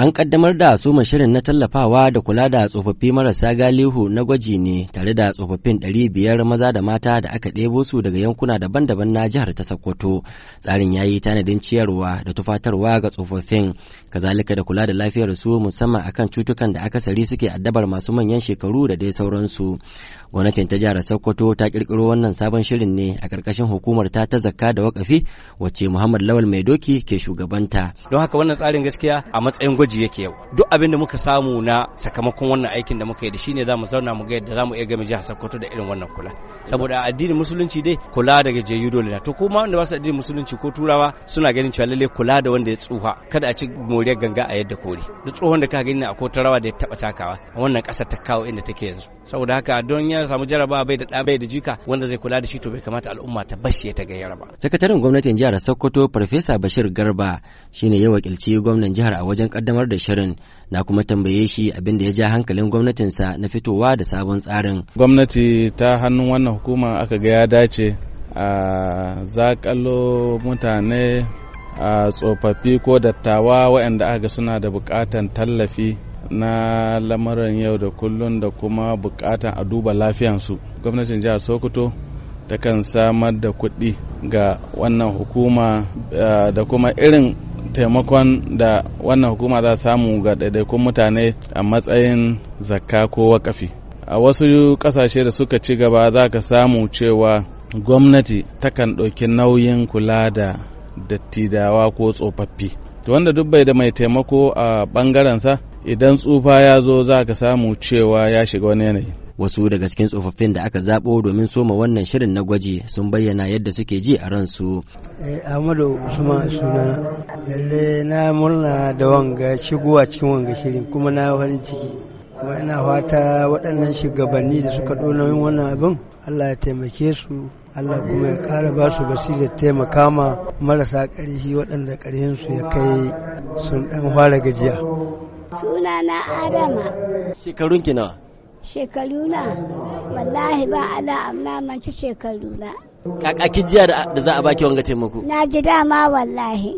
An ƙaddamar da suma shirin na tallafawa da kula da tsofaffi marasa galihu na gwaji ne tare da tsofaffin ɗari biyar maza da mata da aka ɗebo su daga yankuna daban-daban na jihar ta Sokoto. Tsarin yayi tanadin ciyarwa da tufatarwa ga tsofaffin, kazalika da kula da lafiyar su musamman akan cutukan da akasari suke addabar masu manyan shekaru da dai sauransu. Gwamnatin ta jihar Sokoto ta kirkiro wannan sabon shirin ne a ƙarƙashin hukumar ta ta zakka da wakafi wacce Muhammad Lawal Maidoki ke shugabanta. Don haka wannan tsarin gaskiya a matsayin gwaji yake yau duk abin da muka samu na sakamakon wannan aikin da muka yi da shine zamu zauna mu ga yadda zamu iya game jihar Sokoto da irin wannan kula saboda addinin musulunci dai kula daga jeyu dole na to ko ma wanda ba su addinin musulunci ko turawa suna ganin cewa lalle kula da wanda ya tsuha kada a ci moriyar ganga a yadda kore duk tsohon da ka gani a ko rawa da ya taba takawa wannan kasa ta kawo inda take yanzu saboda haka don ya samu jaraba bai da da bai da jika wanda zai kula da shi to bai kamata al'umma ta bashi ta gayyara ba sakataren gwamnatin jihar Sokoto farfesa Bashir Garba shine ya wakilci jihar a wajen kaddamar samar da shirin na kuma tambaye shi abin da ya ja hankalin gwamnatinsa na fitowa da sabon tsarin gwamnati ta hannun wannan hukuma aka ga ya dace a zakalo mutane a tsofaffi ko dattawa waɗanda aka ga suna da buƙatan tallafi na lamarin yau da kullun da kuma buƙatan a duba lafiyansu gwamnatin jihar sokoto takan samar da kuɗi ga wannan hukuma eh, da kuma irin taimakon da wannan hukuma za samu ga ɗaiɗaikun mutane a matsayin zakka ko wakafi a wasu ƙasashe da suka ci gaba za ka samu cewa gwamnati takan ɗauki nauyin kula da dattidawa ko tsofaffi wanda duk bai da mai taimako a ɓangarensa idan tsufa ya zo za ka samu cewa ya shiga wani yanayi wasu daga cikin tsofaffin da aka zaɓo domin soma wannan shirin na gwaji sun bayyana yadda suke ji a ransu eh, ahmadu usman sunana lalle na murna da wanga shigowa cikin wanga shirin kuma na farin ciki kuma ina fata waɗannan shugabanni da suka ɗo nauyin wannan abin allah ya taimake su Allah kuma ya ƙara ba su basirar taimaka ma marasa ƙarfi waɗanda ƙarfinsu ya kai sun ɗan fara gajiya. Suna na Adama. Shekarun ki nawa? shekaru na wallahi ba ala amna manci shekaru na kaka ki jiya da za a baki wanga taimako na ji dama wallahi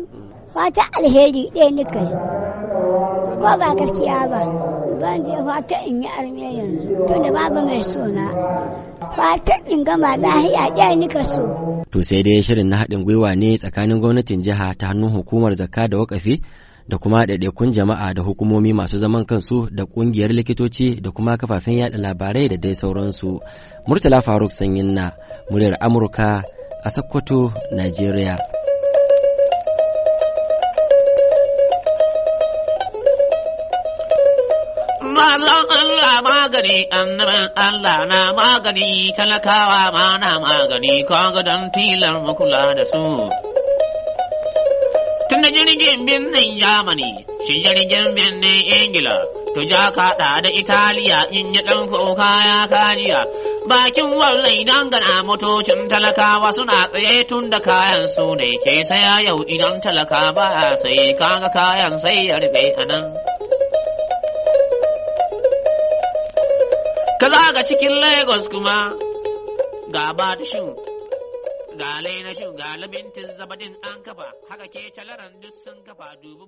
fata alheri ɗaya ni kai ko ba gaskiya ba ban je fata in yi arme yanzu tunda babu mai sona fata in gama lahiya ɗaya ni ka so to sai dai shirin na haɗin gwiwa ne tsakanin gwamnatin jiha ta hannun hukumar zakka da wakafi da kuma ɗaiɗaikun jama'a da hukumomi masu zaman kansu da ƙungiyar likitoci da kuma kafafen yaɗa labarai da dai sauransu. Murtala Faruk Sanyin na muryar Amurka a Sokoto, Najeriya. Mazan Allah magani, annaban Allah na magani, talakawa ma na magani, kwa don tilar makula da su. na jirgin birnin Yamani, shi jirgin birnin Ingila, to ja kaɗa da Italiya in ya ɗan kuka ya kariya. Bakin wallai dangana motocin talakawa suna tsaye tun da kayan su ne ke saya yau idan talaka ba sai kaga kayan sai ya rufe a nan. Ka zaga cikin Lagos kuma ga ba ga na shin ga labintin zabadin an kafa haka ke calaran duk sun kafa dubu